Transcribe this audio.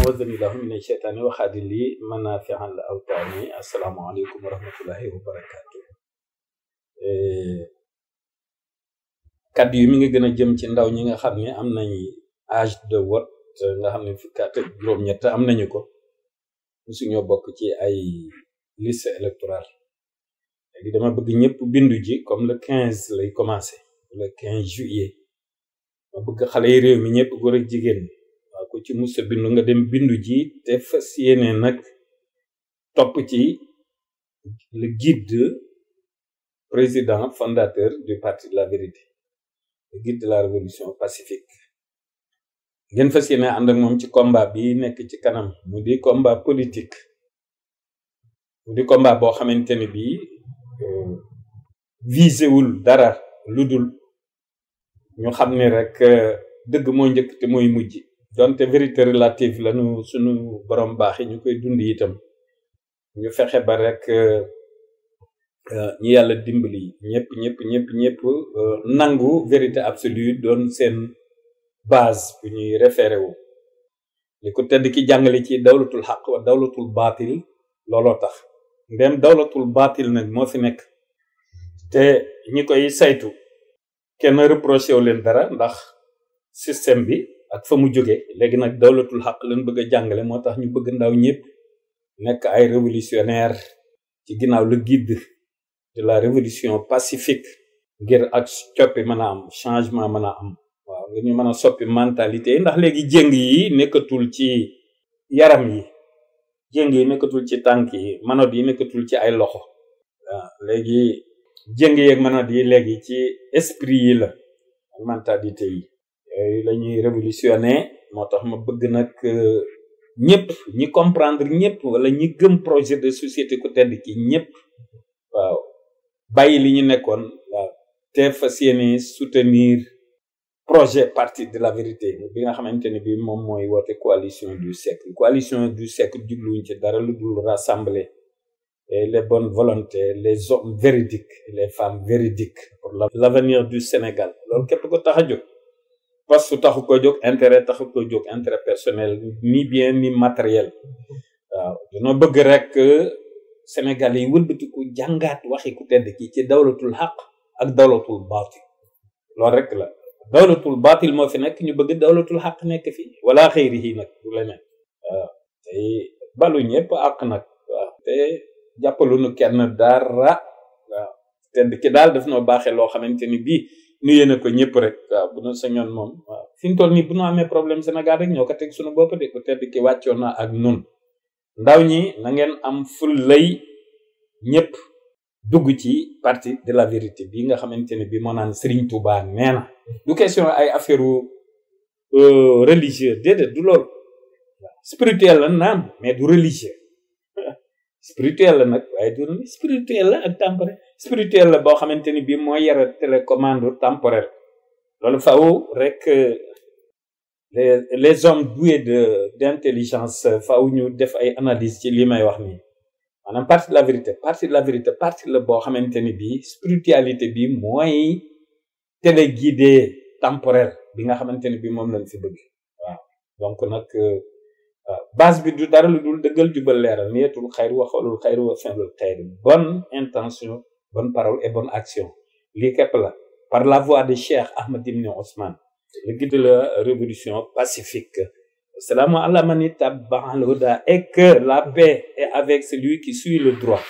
أعوذ بالله من الشيطان وخاد لي منافعا لأوطاني السلام عليكم ورحمة الله وبركاته كاد يومي غنا جيم سي نداو نيغا خامي ام ناي اج دو وات نغا خامي في كات جروم نيتا ام ناني كو مسي ньо بوك سي اي ليست الكترال دي داما بغي نيب بيندو جي كوم لو 15 لاي كومونسي لو 15 جويي ما بغي خالاي ريو مي نيب غور جيجين ci mu a bindu nga dem bindu ji te fas yéene nag topp ci le guide président fondateur du parti de la vérité le guide la révolution pacifique ngeen fës yéene ànd moom ci combat bi nekk ci kanam mu di combat politique mu di combat boo xamante ne bii euh, viséwul dara lu dul ñu xam ne rek euh, dëgg moo njëkk te mooy mujj donte vérité relative lañu suñu borom baax yi ñu koy dund itam ñu fexe ba rek euh, euh, ñi yàlla dimbali ñëpp ñëpp ñëpp ñëpp euh, nangu vérité absolue doon seen base bu ñuy référé wu li ko tedd ki jàngale ci dawlatul xaq wa dawlatul baatil looloo tax ndem dawlatul baatil nag moo fi nekk te ñi koy saytu kenn reproché wu leen dara ndax système bi ak fa mu jóge léegi nag dawlatul xaq lañ bëgg a jàngale moo tax ñu bëgg ndaw ñëpp nekk ay révolutionnaire ci ginnaaw le guide de la révolution pacifique ngir ak coppi mën a am changement mën a am waaw ngir ñu mën a soppi mentalité ndax léegi jéng yi nekkatul ci yaram yi jéng yi nekkatul ci tànk yi manod yi nekkatul ci ay loxo léegi jéng yeeg manod yi léegi ci esprit yi la mentalité yi yooyu la révolutionnaires, révolutionné motax ma bëgg nak euh, ñepp ñi comprendre ñepp wala ñi gëm projet de société ku tedd ci ñepp waaw bàyyi li ñu waaw soutenir projet parti de la vérité bi nga xamante ne bi moom mooy woote coalition du siècle coalition du siècle c'est ci dara lu dul rassembler les bonnes volontés les hommes véridiques les femmes véridiques pour l'avenir du Sénégal loolu képp ko tax a jóg poste taxu ko jóg intérêt taxu ko jóg intérêt personnel ni bien ni matériel waaw dina bëgg rek euh, Sénégal yi wëlbatiku jàngaat waxi ku tedd ki ci dawlatul xaq ak dawlatul baatil loolu rek la dawlatul baatil moo fi nekk ñu bëgg dawlatul xaq nekk fii wala xëyrihi nag du leneen balu ñëpp àq nag waaw te jàppalu nu kenn dara waaw tedd ki daal def noo baaxee loo xamante ni bii nu yéen ko ñëpp rek waaw bu na sañoon moom waaw toll nii bu ñu amee problème Sénégal rek ñoo ko teg sunu bopp de ku tedd ki wàccoon na ak nun ndaw ñi na ngeen am ful lay ñëpp dugg ci parti de la vérité bi nga xamante ne bi moo naan Serigne Touba nee na du question ay affaire euh, religieux déedéet du lool spirituel la naan mais du religieux spirituel la nag waaye du spirituel la ak temporaire spirituel la boo xamante ni bii yara télécommande temporaire loolu faw rek euh, les les hommes doués de d'intelligence euh, faw ñu def ay analyse ci li may wax nii maanaam partie de la vérité partie de la vérité partie la boo xamante ni bii spiritualité bi mooy téléguidé temporaire bi nga xamante ni bii moom lañ fi bëgg waaw donc nag euh, base bi du dara lu dul deugal jubal leral niyetul khair wa xoolul khair wa finlul khair bonne intention bonne parole et bonne action li kep la par la voix de Cheikh Ahmed Ibn Ousmane le guide de la révolution pacifique à ala manita ba'al huda et que la paix est avec celui qui suit le droit